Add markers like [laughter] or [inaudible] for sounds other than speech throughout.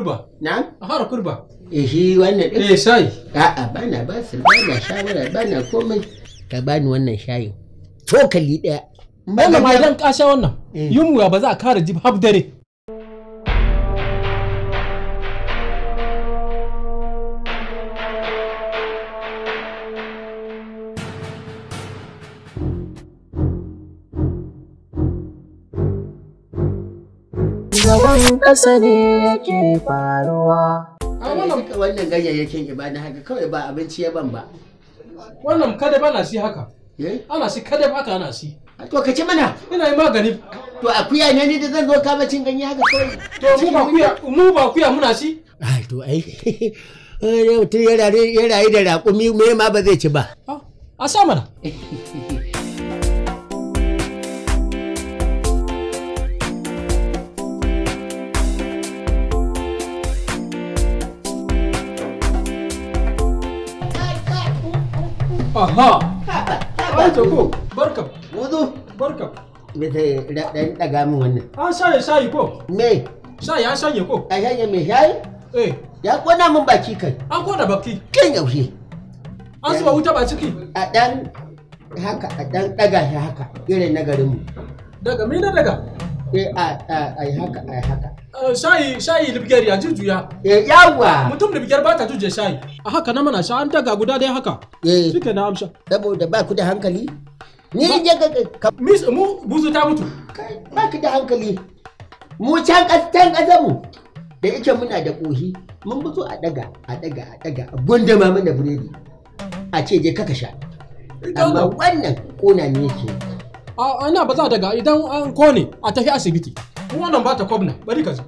kurba. Na? A fara kurba. Eh shi wannan ɗin? Eh shayi. A'a bana ba su bana shawara bana komai. Ka bani wannan shayin. Cokali ɗaya. Wannan ma idan ka sha wannan. Eh. Yunwa ba za a kara ji har dare. Zagon kasa ne yake faruwa. Wannan ganyayyakin ibada haka kawai ba abinci ya ban ba. Wannan kada ba na shi eh? haka. Ana si kada ba haka ana shi. To ka ci mana. Ina yi magani. To akuya ne ni da zan zo kama cin ganye haka kawai. To mu ba kuya mu ba kuya muna si. Ai to ai. [laughs] Eh, mutum ya rayu da raƙumi me ma ba zai ci ba. Ah, a sa mana. [laughs] Aha! Ai ko barka. Wudu. Barka. Me dan daga min wannan. An shaye shayi ko? Me? Shayi an shanye ko? a shanye me shayi? Eh. Ya kona min baki kai. An kona baki. Kin yaushe. An zuba wuta ba ciki. A dan haka a dan daga shi haka irin na garinmu. Daga me na daga? eh ai haka ai haka eh, shayi shayi libgar ya jujuya eh yawa mutum libgar ba ta juje shayi a haka na mana sha an daga guda dai haka eh shike na amsha saboda ba ku da hankali ni je ga miss mu buzu ta mutu ba ku da hankali mu can kastan kazamu da yake muna da kohi mun buzo a daga a daga a daga a gundama mana buredi a ce je kaka sha amma wannan kona ne yake ana ba za daga idan an kone a tafi asibiti wannan ba ta kwabna bari ka zo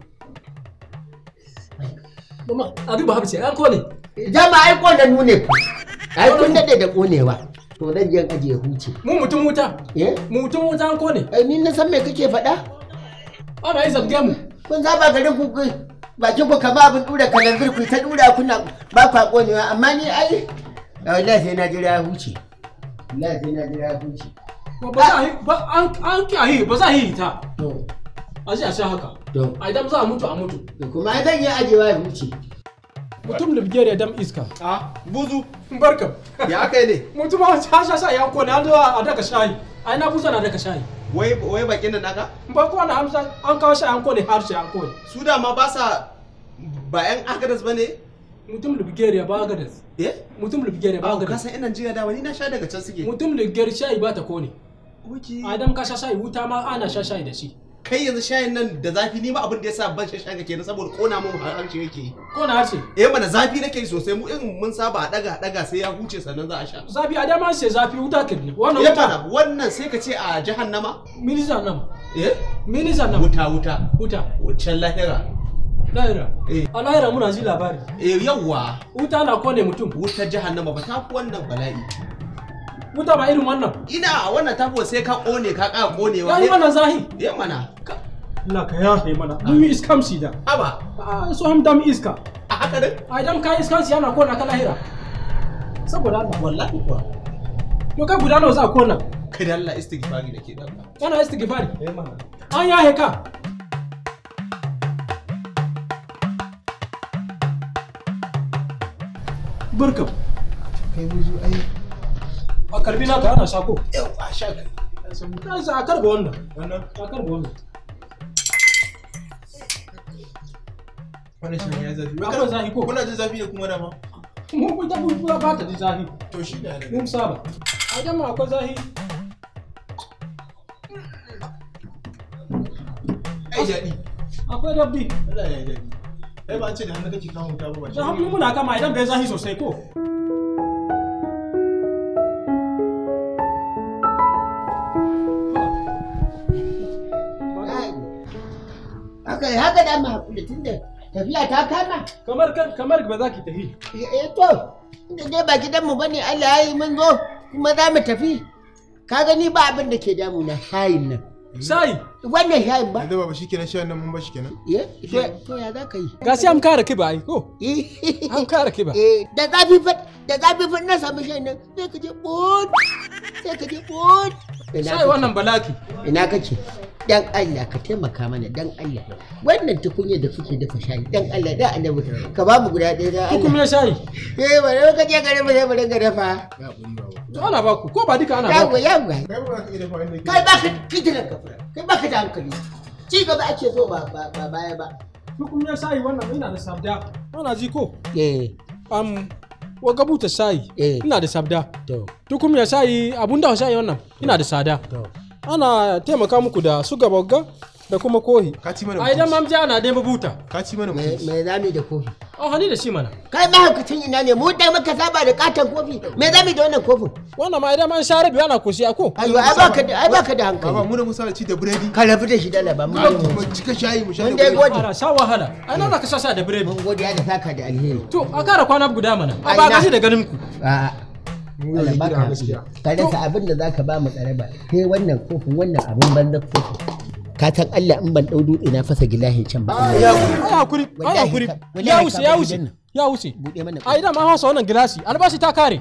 mama abin ba habce an kone dama ai ko da nune ai kun dade da konewa to zan je aje huce mu mutum wuta eh mu mutum wuta an kone ai ni na san me kake faɗa ana yi zabge mu kun zaba gare ku ba ki ku kama abin dura kalanzir ku ta dura kuna ba kwa konewa amma ni ai wallahi sai na jira huce wallahi sai na jira huce ba an yi ba za a yi ta a ji a sha haka a idan za a mutu a mutu kuma zan yi ajiyewa ya huce mutum libgiyar ya dam iska a buzu barka ya aka yi ne mutum a sha sha ya kone an zo a daga shayi ai na buza na daga shayi wai wai bakin nan naka ba ko na hamsa an kawo shi an kone har shi an kone su da ma ba sa ba yan agadas bane mutum libgiyar ba agadas eh mutum libgiyar ba agadas ka san ina jiya da wani na sha daga can suke mutum libgiyar shayi ba ta kone Adam ka sha shayi wuta ma ana sha shayi da shi. Kai yanzu shayin nan da zafi ni ma abin da yasa ban sha shayi kake na saboda kona mun harshe yake yi. Kona harshe? Eh mana zafi nake yi sosai mu in mun saba a daga daga sai ya huce sannan za a sha. Zafi a dama sai zafi wuta ka bi. Wannan eh wuta. wannan sai ka ce a jahannama? Miliza nan. Eh? Miliza nan. Wuta wuta. Wuta. Wucin lahira. Lahira. Eh. A lahira muna ji labari. Eh yawwa. Wuta na kone mutum. Wuta jahannama ba ta fi wannan bala'i. Muta ba irin wannan ina wannan tabo sai ka kone ka ka kone wa yayi mana zahi yayi mana Allah ka yafe mana mun yi iskam si da aba ah, so ham dam iska a haka dai a dam ka iskan si yana kona ka lahira saboda Allah wallahi kuwa Yau kai guda nawa za a kona kai da Allah istighfari da ke da Allah kana istighfari yayi mana an yahe ka barkam kai buzu ai a karbi na ta ana yau a sha ka sa wannan wannan wannan ya zafi zafi ko kuna jin zafi ne kuma ba ta zafi to shi ne mun saba a idan akwai zafi ai jadi akwai dabbi ai ba ce da hannu kake kawo ta ba da hannu muna kama idan bai zafi sosai ko haka haka da mu hakuri tunda tafiya ta kama kamar kan kamar ba za ki tafi eh, eh to inda dai ba gidan mu bane Allah ya mun zo kuma za mu tafi ka gani ba abin da ke na shayin nan shayi wannan shayin ba da baba shikenan shayin nan mun ba shikenan eh to ya za ka yi ga sai an kara ba ai ko eh. an kara ba. eh da zafi fa da zafi fa na samu shayin nan sai ka je bot sai ka je bot sai wannan balaki ina kake dan Allah ka taimaka mana dan Allah wannan tukunyar da kuke dafa shayi dan Allah da annabi ka ba mu guda ɗaya da Allah tukunyar shayi eh ba ne ka je gare mu sai mu dinga dafa to ana ba ku ko ba duka ana ba yawa yawa kai ba ka kitiran ka fara kai ba ka da hankali ci gaba ake so ba ba baya ba tukunyar shayi wannan ina da sabda ana ji ko eh am wa gabuta eh. ina da sabda tukum ya sayi abun da sayi wannan ina da sada ana taimaka muku da su gaba da kuma kohi ka ci mana ai dan mamji ana dai buta ka ci mana me me zamu da kofi oh hani da shi mana kai ba tun ina ne mu dai muka saba da katan kofi me zamu da wannan kofin wannan ma idan man sharabi ana na ako. ko ai ba ka ai ba ka da hankali baba mu da musa ci da biredi ka rabu da shi da laba mu mu cika shayi mu sha da biredi ara sha wahala ai na mm. ka sha da biredi mun godiya da saka da alheri to a kara kwana guda mana a ba gashi da ganin ku a'a Allah baka gaskiya ka rasa abin da zaka ba mu tsare ba sai wannan kofin wannan abin banza kofin katan Allah in ban dau dutse na fasa gilahi can ba ya ah, hakuri ya hakuri ya wuce ah, ah, ya wuce ya wuce bude mana ai dan ma hausa wannan gilashi albashi ta kare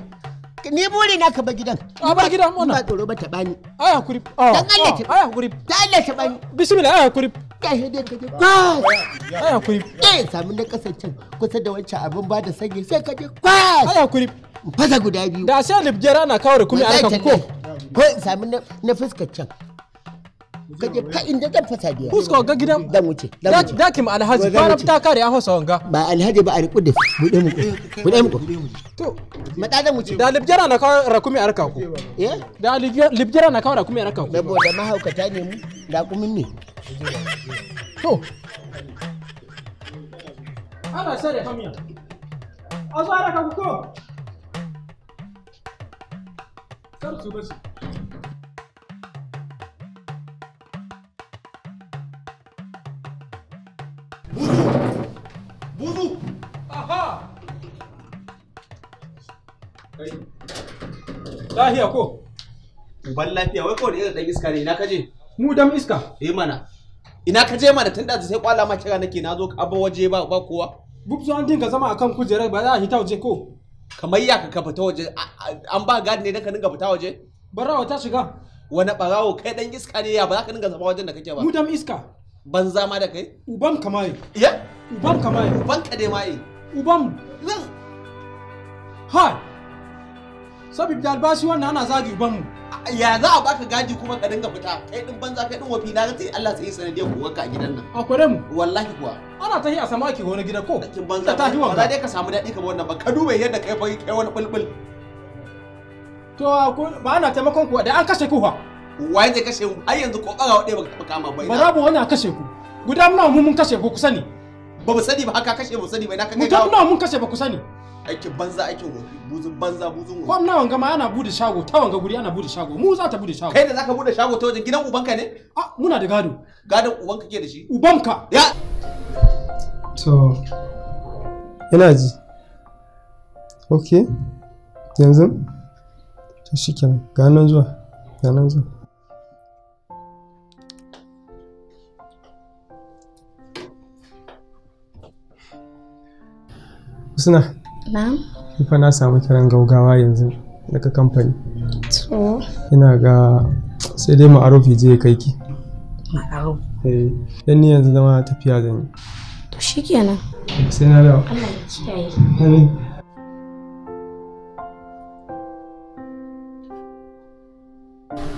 ni buri na ka ba gidan a ba gidan wannan ba tsoro ba ta bani ai hakuri dan Allah ki. ai hakuri ta Allah ta bani bismillah ai hakuri kai dai ka ai hakuri eh samu da can kusa da wancan abin ba da sage sai ka je kwas ai hakuri fasa guda biyu da sai libjera na kawo da kuma alkan ko ko samu na fuskar can kaje ka inda zan fasa biya fusko ga gidan dan wuce dakin alhaji fara ta kare a hausa wanga ba alhaji ba a riƙu da buɗe mu buɗe mu to mata zan wuce da libjara na kawo rakumi a raka ku eh da libjara na kawo rakumi a raka ku saboda mahaukata ne mu rakumin ne to ana sare hamiya a zo a raka ku ko Kar su basi. Lahiya ko? Uban lafiya wai kawai irin dan iska ne ina kaje? Mu dan iska. Eh mana. Ina kaje mana tun da sai kwala ma kira nake na zo ka abba waje ba ba kowa. Bubzo an dinka zama akan kujerar ba za a hita waje ko? Kamar ya ka fita waje an ba gadi ne na ka dinga fita waje? Barawa ta shiga. Wani barawo kai dan iska ne ya ba za ka dinga zama wajen da kake ba. Mu dan iska. Banza ma da kai? Uban kamaye. Iya? Uban kamaye. Uban ka dai ma Uban. zan. Hai! da albashi wannan ana zagi mu. ya za a baka gadi kuma ka dinga fita kai din banza kai din wafi na ga sai Allah sai sanadiyar kuwa ka a gidan nan a akwai mu wallahi kuwa ana tahi a sama ake wani gida ko kin banza ta hiwa ba dai ka samu dadi kamar wannan ba ka dube yadda kai fa kai wani bulbul to ba ana taimakon ku da an kashe ku fa waye zai kashe mu har yanzu ko kaga wadai baka kama ba ba za mu wani a kashe ku guda muna mun kashe ku ku sani ba mu sani ba haka kashe mu sani ba na kai ka mun kashe ba ku sani aikin banza aikin buzun banza buzun wani. Kwam nawan gama ana bude shago ta wanga guri ana bude shago mu za ta bude shago. Kai da zaka bude shago ta wajen gidan ubanka ne? Ah muna da gado. Gadon ubanka ke da shi? Ubanka. Ya. To ina ji. Okay. yanzu to shikenan ga nan zuwa ga nan zuwa. Usna. na'am na samu kiran gaugawa yanzu daga kamfani to ina ga sai dai ma'aruf je ya kai ki ma'aruf eh dan ni yanzu zama tafiya zan yi to shikenan sai na dawo Allah ya kiyaye amin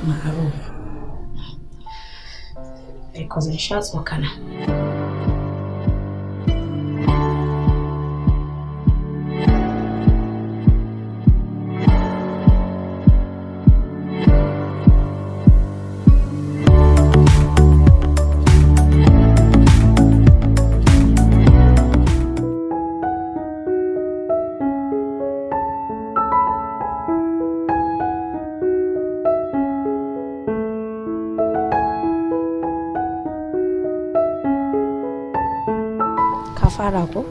ma'aruf because in sha tsokana. fara ko? [laughs]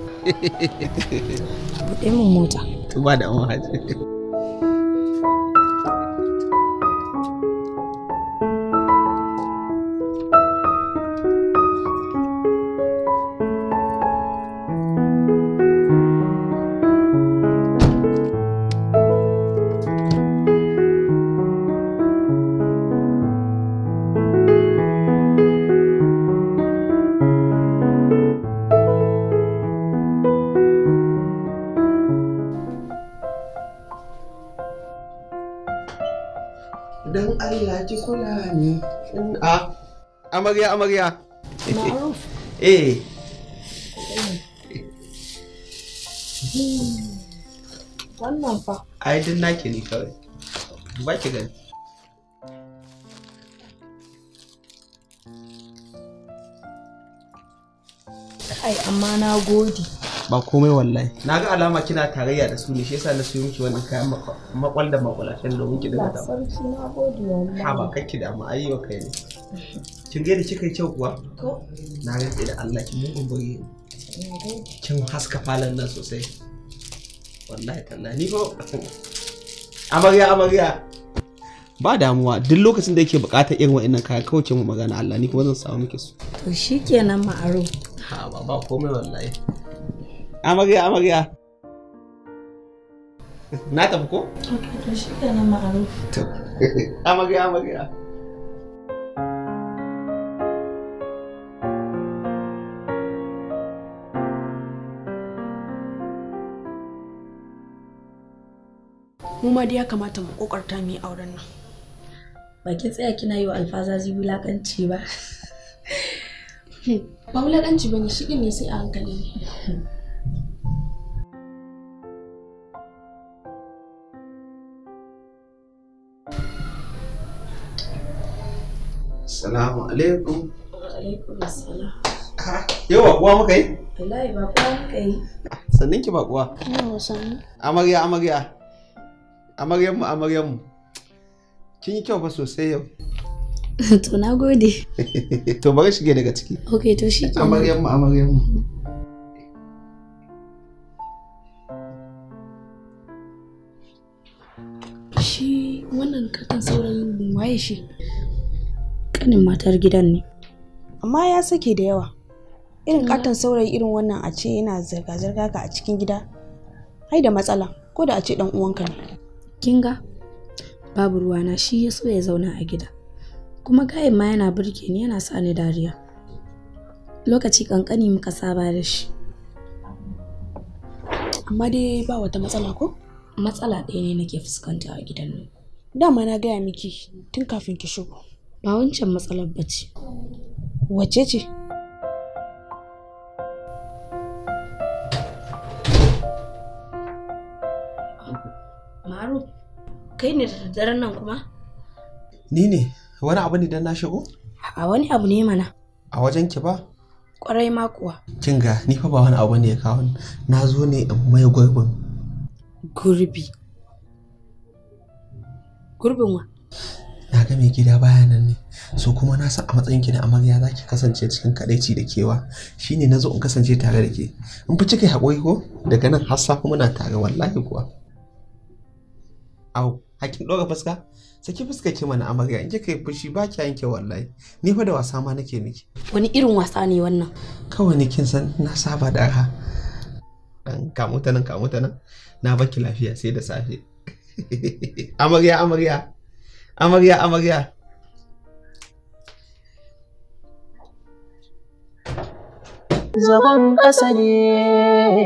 Buɗe min mota. Ba da haji. amarya amarya [laughs] eh wannan fa ai din naki ne kawai ba ki gani kai amma na gode ba komai wallahi na ga alama kina tarayya da su ne shi yasa na siyo miki wannan kayan makwal da makwalashen domin ki da ta ba sarki na gode wallahi ha ba kakki da mu ayyuka ne [laughs] kin ga da kika yi kyau kuwa to na rantsa da Allah kin mun bari kin haska falon nan sosai wallahi tallahi ni ko [laughs] amarya amarya ba damuwa duk lokacin da yake bukatar irin wa'annan kaya kawai ke magana Allah ni kuma zan samu miki su to shikenan ma'aro ha ba ba komai wallahi amarya amarya na tafi ko to shikenan ma'aro to [laughs] amarya amarya mu ma dai ya kamata mu kokarta mu yi auren nan ba ki tsaya kina yi wa alfazazi wulakanci ba ba wulakanci bane shi ne sai a hankali Salamu alaikum. Alaikum yau ba kuwa muka yi? Wallahi ba kuwa muka yi. Sannan ki ba kuwa? Yawa sannan. Amarya amarya. amaryanmu amaryanmu kin yi kyau fa sosai yau [laughs] to na gode [laughs] to bari shige daga ciki ok to shi amaryanmu amaryanmu shi wannan katon sauran waye shi kanin matar gidan ne amma ya sake da yawa irin katon saurayi irin wannan a ce yana zirga-zirga ka a cikin gida ai da matsala ko da a ce dan uwanka ne kin ga babu na shi ya so ya zauna a gida kuma kayan ma yana burge ni yana sa ni dariya lokaci kankani muka saba da shi amma dai ba wata matsala ko matsala ɗaya ne nake fuskanta a gidan nan dama na gaya miki tun kafin ki shigo ba wancan matsalar bace wace ce Kai ne da daddaren nan kuma? Ni ne, wani abu ne dan na shigo? A wani abu ne mana. A wajen ki ba? Kwarai ma kuwa. Kin ga ni fa ba wani abu ne ya kawo na zo ne in mai gurbin. Gurbi. Gurbin wa? Na ga mai gida baya nan ne, so kuma na san a matsayin ki na amarya za ki kasance cikin kadaici da kewa, shine na zo in kasance tare da ke. In fi cika haƙuri ko daga nan har kuma muna tare wallahi kuwa. Au. hakin ɗora fuska saki fuska ke mana amarya in kika yi fushi ba ki yanke wallahi ni fa da wasa ma nake miki wani irin wasa ne wannan kawai ni kin san na saba da ha dan kamo ta nan kamo ta nan na baki lafiya sai da safe [laughs] amarya amarya amarya amarya zagon ƙasa ne